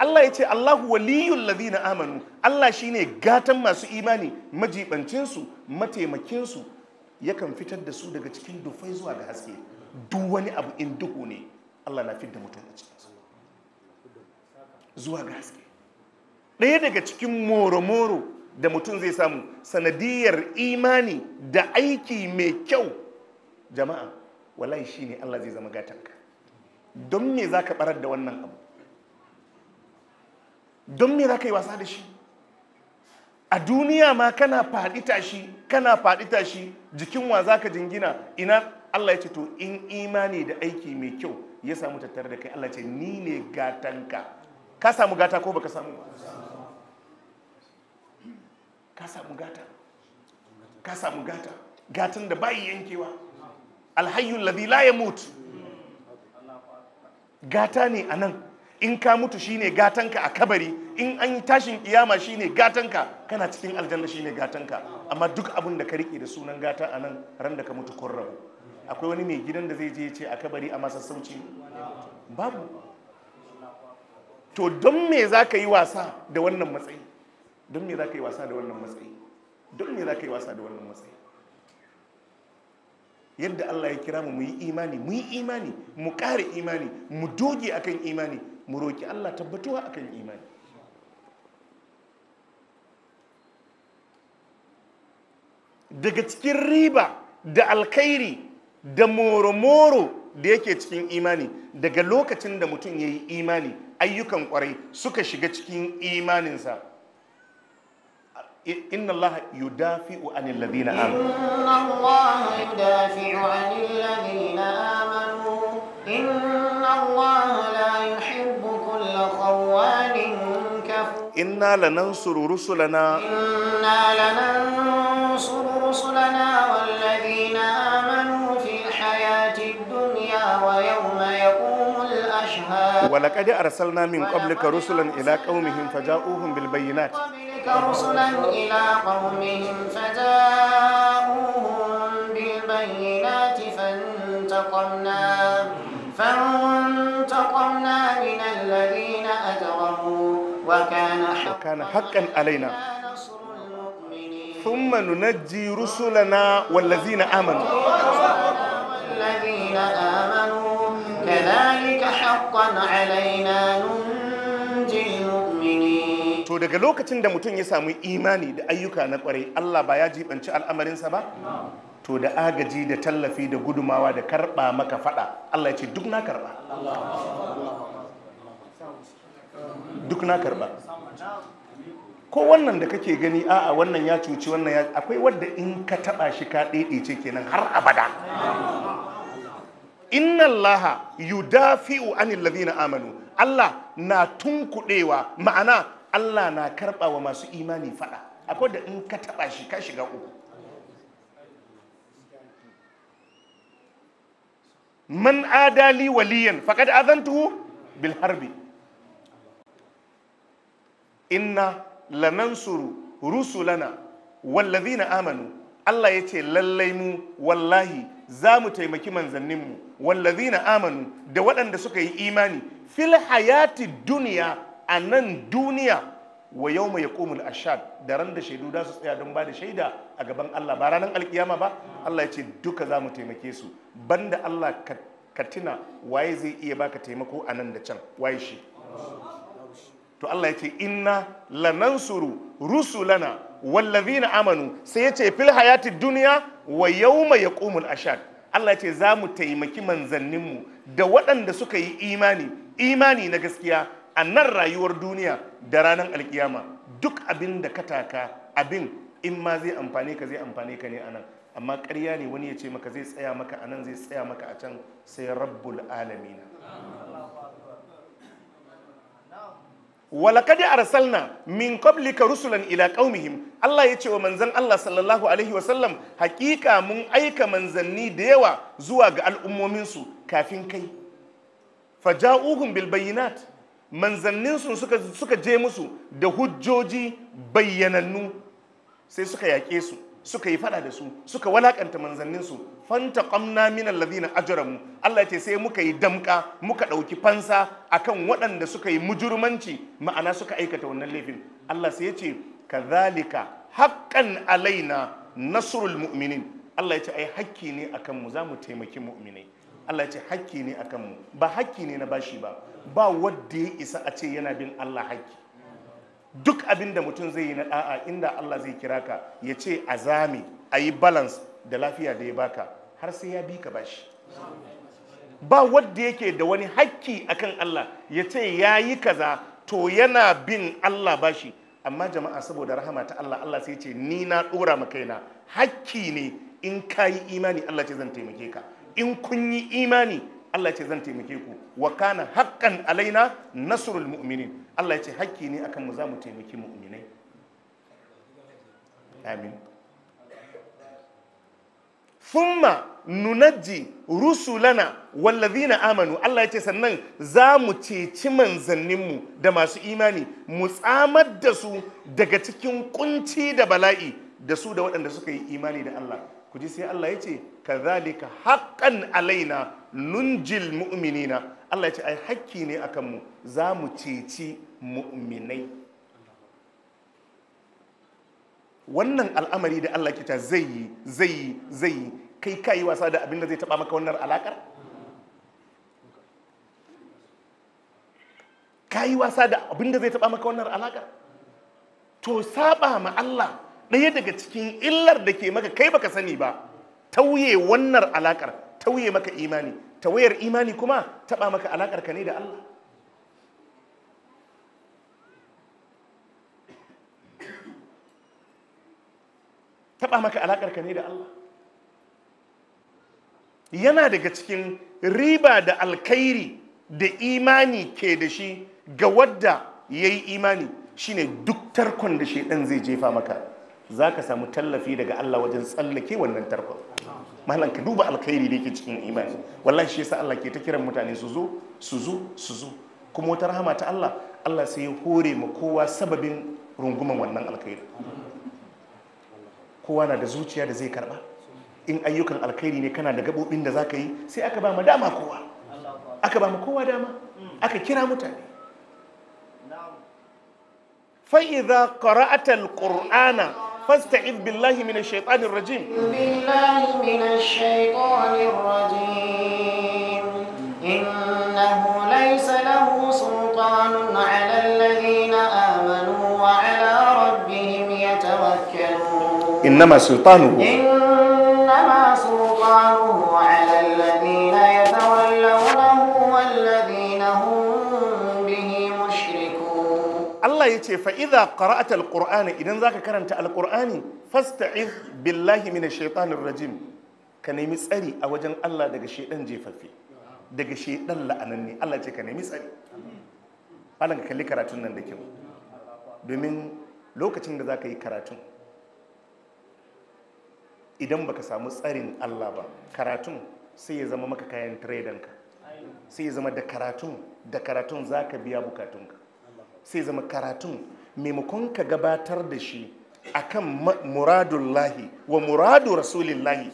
Speaker 2: Allah ya ce Allahu waliyul ladina amanu Allah shine gatan masu imani majibancinsu mataimakinsu yakan fitar da su daga cikin dufai zuwa ga haske duk wani abu in duhu ne Allah na fitar da mutum a cikin zuwa ga haske ɗaya daga cikin moro-moro da mutum zai samu sanadiyar imani da aiki mai kyau jama'a wallahi shine Allah zai zama gatanka don me zaka barar da wannan abu don me za ka yi wasa da shi a duniya ma kana faɗi tashi kana faɗi tashi jikin wa za ka jingina ina Allah ya ce to in imani da aiki mai kyau ya samu tattare da kai Allah ce ni ne gatanka ka samu gata ko baka samu ka samu gata ka samu gata gatan da bayi yankewa alhayyul ladhi la yamut gata ne anan in ka mutu shine gatanka a kabari in an yi tashin shi shine gatanka kana cikin aljanna shine gatanka amma duk abin da ka rike da sunan gata a nan ran da ka mutu kun rabu akwai wani mai gidan da zai je ce a kabari a masa sauci babu to don me za ka yi wasa da wannan matsayi don me za ka yi wasa da wannan matsayi don me za ka yi wasa da wannan matsayi yadda Allah ya kira mu mu yi imani mu yi imani mu ƙara imani mu doge akan imani mu roƙi Allah tabbatuwa kan imani daga cikin riba da alkhairi da moro-moro da yake cikin imani daga lokacin da mutum ya yi imani ayyukan kwarai suka shiga cikin imaninsa inna allaha wa anil ladina amanu inna allaha anil ladina
Speaker 4: amanu inna allaha la yuhibbu
Speaker 2: إنا لننصر رسلنا إنا
Speaker 4: لننصر رسلنا والذين آمنوا في الحياة الدنيا ويوم يقوم الأشهاد
Speaker 2: ولقد أرسلنا من قبلك رسلا إلى قومهم فجاءوهم بالبينات
Speaker 4: قبلك رسلا إلى قومهم فجاءوهم بالبينات فانتقمنا فانتقمنا من الذين
Speaker 2: أجرموا وكان حقا, وكان حقا علينا ثم ننجي رسلنا والذين آمنوا
Speaker 4: والذين آمنوا
Speaker 2: كذلك
Speaker 4: حقا علينا ننجي
Speaker 2: to daga lokacin da mutum ya samu imani da ayyuka na kwarai Allah ba ya jibanci al'amarinsa ba to da agaji da tallafi da gudumawa da karba maka fada Allah ya ce duk na karba duk na karba ko wannan da kake gani a'a wannan ya cuci wannan ya akwai wadda in ka taba shi ka ce kenan har abada inna allaha yudafi'u anil na amanu allah na tunkuɗewa ma'ana allah na karɓa wa masu imani fada akwai da in ka taba shi ka shiga uku man adali waliyan faqad azantuhu bil harbi inna lanansuru rusulana wallazina amanu Allah ya ce lallai mu wallahi za mu taimaki manzanninmu wallazina amanu da waɗanda suka yi imani fil hayati duniya a nan duniya wa yau mai yaƙumul ashad da ran da shaidu za su tsaya don ba da shaida a gaban Allah ba ranar alkiyama ba Allah ya ce duka za mu taimake su banda Allah ka tuna waye zai iya baka taimako a nan da can waye shi to Allah ya ce inna lanansuru rusulana wallazina amanu sai ya ce fil hayati duniya wa yawma yaqumul ashad Allah ya ce za mu taimaki manzanninmu da waɗanda suka yi imani imani na gaskiya a nan rayuwar duniya da ranar alkiyama duk abin da ka taka abin in ma zai amfane ka zai amfane ka ne a nan amma ƙarya ne wani ya ce maka zai tsaya maka a nan zai tsaya maka a can sai rabbul alamina walakad arsalna min qablika rusulan ila qaumihim Allah ya ce wa manzan Allah sallallahu alaihi hakika mun aika manzanni da yawa zuwa ga al'ummomin su kafin kai faja'uhum bil bayyinat manzannin su suka suka je musu da hujjoji bayyanannu sai suka yake su suka yi fada da su suka walakanta manzanninsu fanta kwamna minan lazina ajaramu Allah ce sai muka yi damka muka ɗauki fansa akan waɗanda suka yi mujurmanci ma'ana suka aikata wannan laifin Allah sai ya ce kazalika haƙƙan alaina nasrul mu'minin Allah ya ce ai hakki ne akan mu za mu taimaki mu'minai Allah ya ce hakki ne akan mu ba hakki ne na bashi ba ba wanda ya isa a ce yana bin Allah hakki duk abin da mutum zai yi na da'a inda Allah zai kira ka ya ce a zame a yi balance da lafiya da ya baka har sai ya bi ka bashi ba wadda yake da wani hakki akan Allah ya ce ya yi kaza to yana bin Allah bashi amma jama'a saboda rahama ta Allah Allah sai ce ni na dora ma kaina hakki ne in ka yi imani Allah ce zan taimake ka in kun yi imani Allah ce zan taimake ku wa kana haqqan alaina nasrul mu'minin Allah ya ce hakki ne akan mu za mu taimaki mu'minai amin thumma nunajji rusulana wallazina amanu Allah ya ce sannan za mu ceci manzanninmu da masu imani mu tsamar da su daga cikin kunci da bala'i da su da waɗanda suka yi imani da Allah ku ji sai Allah ya ce kazalika haƙƙan alaina nunjil mu'minina Allah ya ce ai hakki ne akan mu za mu ceci mu'minai wannan al'amari da Allah kita zai yi zai yi zai yi kai ka yi wasa da abin da zai taba maka wannan alakar ka yi wasa da abin da zai taba maka wannan alakar to saba ma Allah ɗaya daga cikin illar da ke maka kai baka sani ba tauye wannan alakar tauye maka imani tawayar imani kuma taɓa maka alakar ka ne da Allah maka alakar ka ne da Allah yana daga cikin riba da alkhairi da imani ke da shi ga wadda ya yi imani shine duk tarkon da shaidan zai jefa maka za ka samu tallafi daga Allah wajen tsallake wannan tarkon malam ka duba alkhairi da yake cikin imani wallahi shi yasa Allah ke ta kiran mutane su zo su zo su zo kuma wata rahama ta Allah Allah sai ya hore ma kowa sababin runguman wannan alkhairi kowa na da zuciya da zai karba in ayyukan alkhairi ne kana da gabobin da zaka yi sai aka ba mu dama kowa aka ba mu kowa dama aka kira mutane fa idza qara'ata فاستعذ بالله من الشيطان الرجيم بالله من الشيطان الرجيم
Speaker 4: إنه ليس له سلطان على الذين آمنوا وعلى ربهم يتوكلون
Speaker 2: إنما سلطانه إن Allah ya ce fa'iza ƙara'atar ƙur'ani idan za ka karanta alƙur'ani fasta'iz billahi mina shaitanin rajim ka nemi tsari a wajen Allah daga shaidan jefaffe daga shaidan la'ananne Allah ce ka nemi tsari malam ka kalli karatun nan da kyau domin lokacin da za ka yi karatun idan baka samu tsarin Allah ba karatun sai ya zama maka kayan tiredanka sai ya zama da karatun da karatun za ka biya bukatunka sai zama karatun maimakon ka gabatar da shi akan muradullahi wa muradu rasulillahi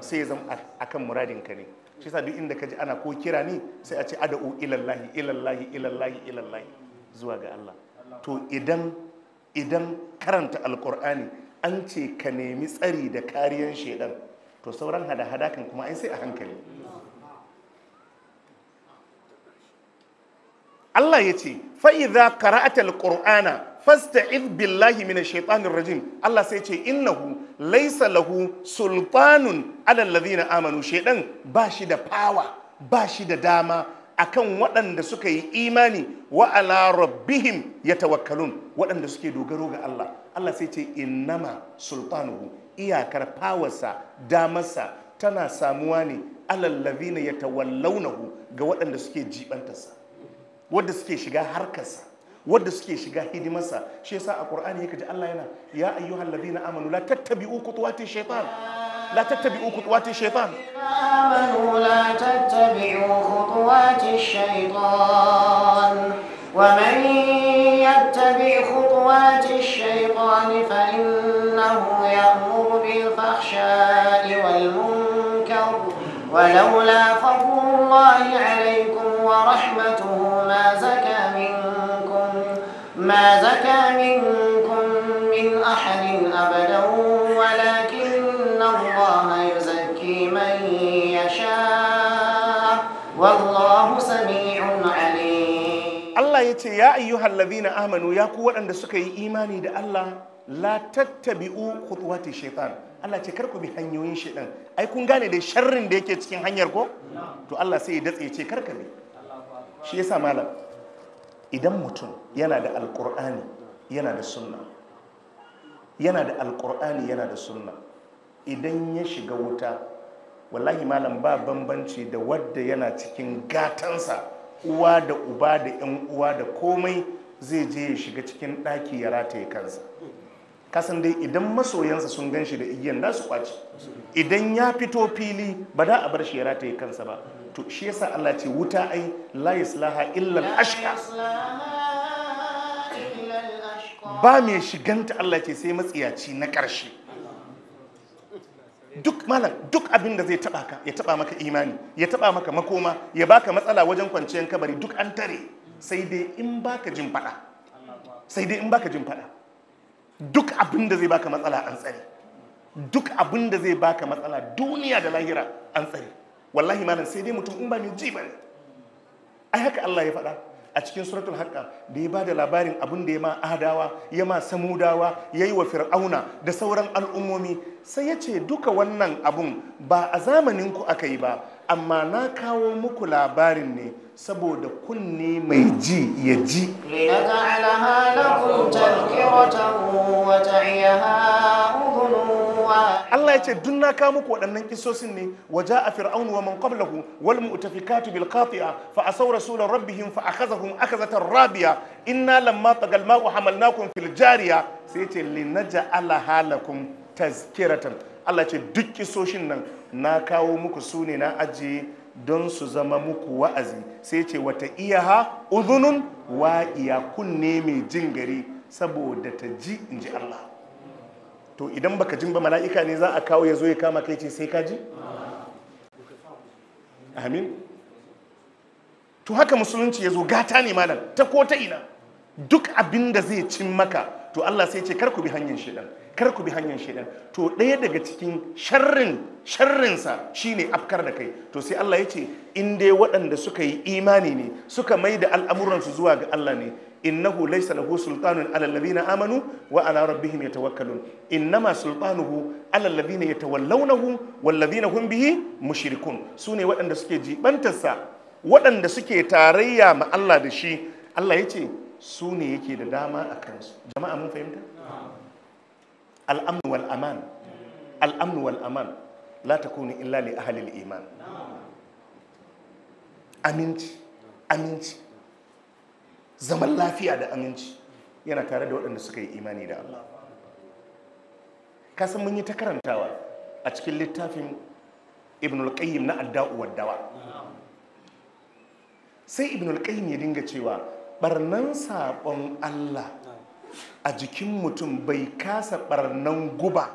Speaker 2: sai zama a kan muradinka ne shi sa duk inda ka ji ana ko kira ne sai a ce ada'u ilallahi ilallahi ilallahi ilallahi zuwa ga Allah to idan karanta alkur'ani an ce ka nemi tsari da kariyan shaidan to sauran hada-hada kan kuma ai sai a hankali Allah ya ce fa'iza qara'atal qur'ana fasta billahi mina shaitanir rajim Allah sai ce innahu laisa lahu sultanun alallazi na amanu shaidan ba shi da fawa ba shi da dama akan waɗanda suka yi imani wa ala rabbihim yatawakkalun waɗanda suke dogaro ga Allah Allah sai ce innama sultanuhu iyakar fawarsa damarsa tana samuwa ne na ya tawallaunahu ga waɗanda suke jibantarsa wanda suke shiga harkarsa wanda suke shiga hidimarsa shi yasa a qur'ani yake ji Allah yana ya ayyuhal ladina amanu la tattabi'u khutuwati shaytan la tattabi'u khutuwati shaytan la tattabi'u khutuwati shaytan wa man
Speaker 4: yattabi' khutuwati shaytan fa innahu ya'muru bil fahsha'i wal munkari
Speaker 2: ولولا
Speaker 4: فضل الله عليكم ورحمته ما زكى منكم ما زكى منكم من أحد أبدا ولكن الله يزكي من يشاء والله سميع عليم
Speaker 2: الله يتي يا أيها الذين آمنوا يا قوة أن سكي إيماني ده الله la tattabi'u khutuwati shaitan Allah ce karku bi hanyoyin shaitan ai kun gane da sharrin da yake cikin hanyar ko to Allah sai ya datse ya ce karka bi shi yasa malam idan mutum yana da alqur'ani yana da sunna yana da alqur'ani yana da sunna idan ya shiga wuta wallahi malam ba bambanci da wadda yana cikin gatansa uwa da uba da yan uwa da komai zai je ya shiga cikin ɗaki ya rataye kansa kasan dai idan masoyansa sun gan shi da igiyan da su kwaci idan ya fito fili ba da a bar shi ya rataye kansa ba to shi yasa Allah ce wuta ai la yaslaha illa al-ashqa ba mai shiganta Allah ce sai matsiyaci na karshe duk malam duk abin da zai taba ka ya taba maka imani ya taba maka makoma ya baka matsala wajen kwanciyar kabari duk an tare sai dai in baka jin fada sai dai in baka jin fada duk abin da zai baka matsala an tsare duk abin da zai baka matsala duniya da lahira an tsare wallahi malam sai dai mutum in ba mai ji ba ne ai haka Allah ya faɗa a cikin suratul haqqa da ya ba da labarin abin da ya ma adawa ya ma samudawa ya yi wa fir'auna da sauran al'ummomi sai ya ce duka wannan abun ba a zamaninku aka yi ba amma na kawo muku labarin ne saboda kunne mai ji ya ji Allah ya ce duk na kawo muku waɗannan kisosin ne waje a fir'aunu wa man qablahu wal mu'tafikatu bil qati'a fa asaw rasul rabbihim fa akhazahum akhazatan rabiya na lamma tagal ma'u hamalnakum fil jariya sai ce linaja linaja'ala halakum tazkiratan Allah ce duk kisoshin nan na kawo muku su ne na ajiye don su zama muku wa'azi sai ce wata iya ha uzunun wa iya kunne mai jin gari saboda ta ji in ji Allah to idan baka jin ba mala'ika ne za a kawo ya zo ya kama kai ce sai ka ji amin to haka musulunci ya zo gata ne malam ta ko ta ina duk abin da zai cin maka to Allah sai ce kar ku bi hanyar shidan kar ku bi hanyar shaidan to ɗaya daga cikin sharrin sharrinsa shine afkar da kai to sai Allah ya ce in dai waɗanda suka yi imani ne suka mai da al'amuransu zuwa ga Allah ne innahu laysa lahu sultanun ala alladhina amanu wa ala rabbihim yatawakkalun innama sultanuhu ala alladhina yatawallawnahu wal ladhina hum bihi mushrikun sune waɗanda suke jibantarsa waɗanda suke tarayya ma Allah da shi Allah ya ce su ne yake da dama a kansu jama'a mun fahimta al'amnu wal'aman, al'amnu wal'aman aman ta kuni illa li ahli iman aminci aminci zaman lafiya da aminci yana tare da waɗanda suka yi imani da Allah kasan mun yi ta karantawa a cikin littafin ibn al-qayyim na adda'u wa dawa sai ibn al-qayyim ya dinga cewa barnan sabon Allah a jikin mutum bai kasa ɓarnan guba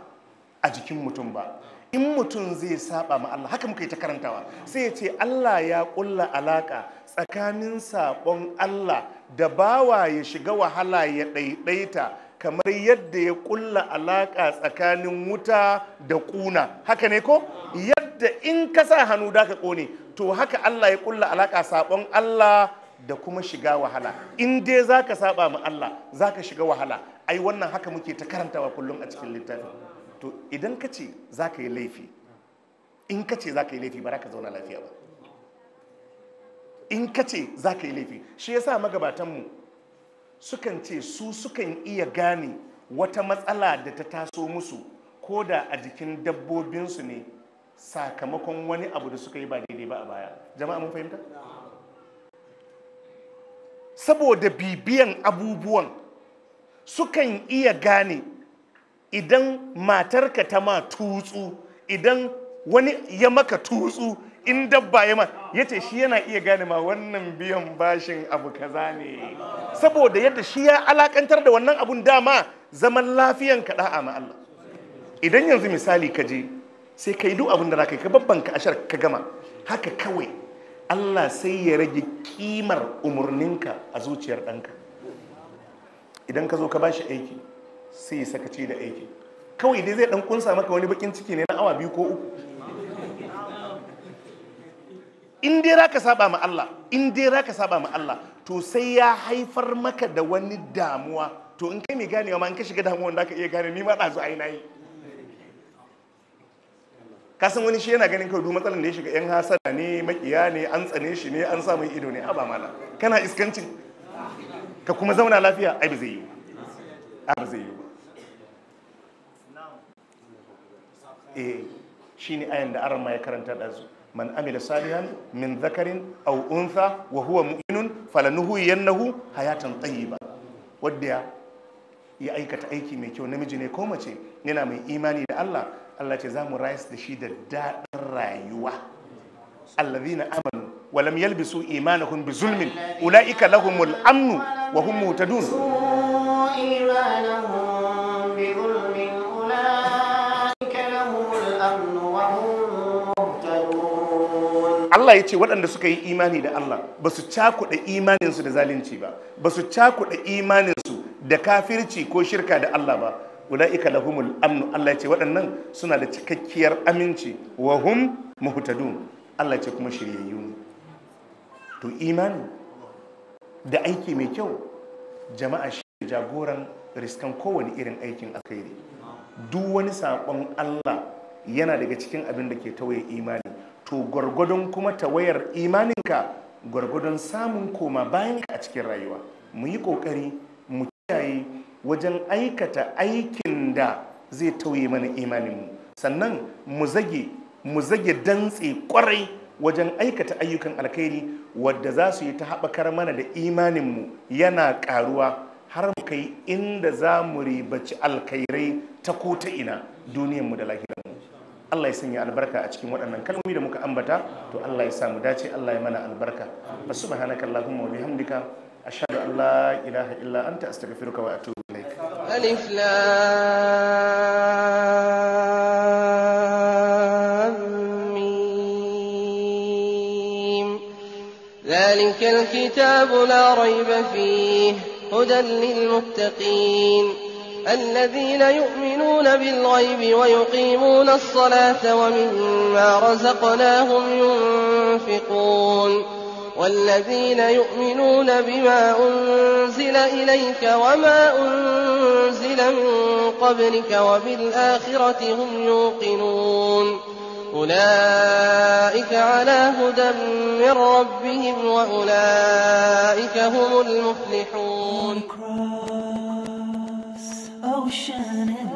Speaker 2: a jikin mutum ba in mutum zai saba ma Allah haka muka yi ta karantawa sai ya ce Allah ya ƙulla alaka tsakanin saƙon Allah da bawa ya shiga wahala ya ɗaiɗaita kamar yadda ya ƙulla alaka tsakanin wuta da ƙuna haka ne ko yadda in ka sa hannu da ka ƙone to haka Allah ya kulla alaka saƙon Allah da kuma shiga wahala in dai za ka saba mu Allah za ka shiga wahala ai wannan haka muke ta karantawa kullum a cikin littafi. to idan ka ce za ka yi laifi in ka ce za ka yi laifi ba za ka zauna lafiya ba in ka ce za ka yi laifi shi yasa magabatanmu sukan ce su sukan iya gane wata matsala da ta taso musu ko da a jikin dabbobinsu ne sakamakon wani abu da suka yi ba daidai ba a baya jama'a mun fahimta? saboda bibiyan abubuwan sukan iya gane idan matarka ta ma tutsu idan wani ya maka tutsu in dabba ya ma ya ce shi yana iya gane ma wannan biyan bashin abu kaza ne saboda yadda shi ya alakantar da wannan abun dama zaman lafiyan ka da'a ma Allah idan yanzu misali ka je sai ka yi duk abin da za ka yi ka babban ka ashar ka gama haka kawai Allah sai ya rage kimar umarninka a zuciyar ɗanka idan ka zo ka bashi aiki sai ya sakaci da aiki kawai dai zai ɗan kunsa maka wani bakin ciki ne na awa biyu ko uku in dai raka saba ma Allah in dai raka saba ma Allah to sai ya haifar maka da wani damuwa to in kai mai ganewa ma in ka shiga damuwa da ka iya gane ni ma ɗazu ai yi kasan wani shi yana ganin kai duk matsalar da ya shiga yan hasada ne makiya ne an tsane shi ne an sa mai ido ne aba ba mala kana iskancin ka kuma zauna lafiya ai ba zai yi ba zai yi ba eh shine ayan da aran ma ya da su man amila salihan min zakarin aw untha wa huwa mu'minun Yannahu, hayatan tayyiba wadda ya aikata aiki mai kyau namiji ne ko mace yana mai imani da Allah Allah ce za mu rayas da shi da daɗin rayuwa Allah allazina amanu wa yalbisu imanahum bi zulmin ulaika lahumul amnu wa hum muhtadun Allah ya ce waɗanda suka yi imani da Allah ba su cakuɗa imaninsu da zalunci ba ba su cakuɗa imaninsu da kafirci ko shirka da Allah ba ula'ika lahumul amnu Allah ya ce waɗannan suna da cikakkiyar aminci wa hum muhtadun Allah ya ce kuma shiryayyu ne to imani da aiki mai kyau jama'a shi jagoran riskan kowane irin aikin alkhairi duk wani saƙon Allah yana daga cikin abin da ke tawaye imani to gwargwadon kuma tawayar imaninka gwargwadon samun koma bayanka a cikin rayuwa mu yi ƙoƙari mu kiyaye wajen aikata aikin da zai tauye mana imaninmu sannan mu zage mu zage dantse kwarai wajen aikata ayyukan alkhairi wadda za su yi ta haɓakar mana da imaninmu yana ƙaruwa har mu kai inda za mu ribaci alkhairai ta ko ta ina duniyanmu da lahiranmu Allah ya sanya albarka a cikin waɗannan kalmomi da muka ambata to Allah ya mu dace Allah ya mana albarka fa allahumma wa bihamdika ashhadu an la ilaha illa anta astaghfiruka wa atubu
Speaker 1: ألف لام ذلك الكتاب لا ريب فيه هدى للمتقين الذين يؤمنون بالغيب ويقيمون الصلاة ومما رزقناهم ينفقون والذين يؤمنون بما أنزل إليك وما أنزل من قبلك وبالآخرة هم يوقنون أولئك على هدى من ربهم وأولئك هم
Speaker 3: المفلحون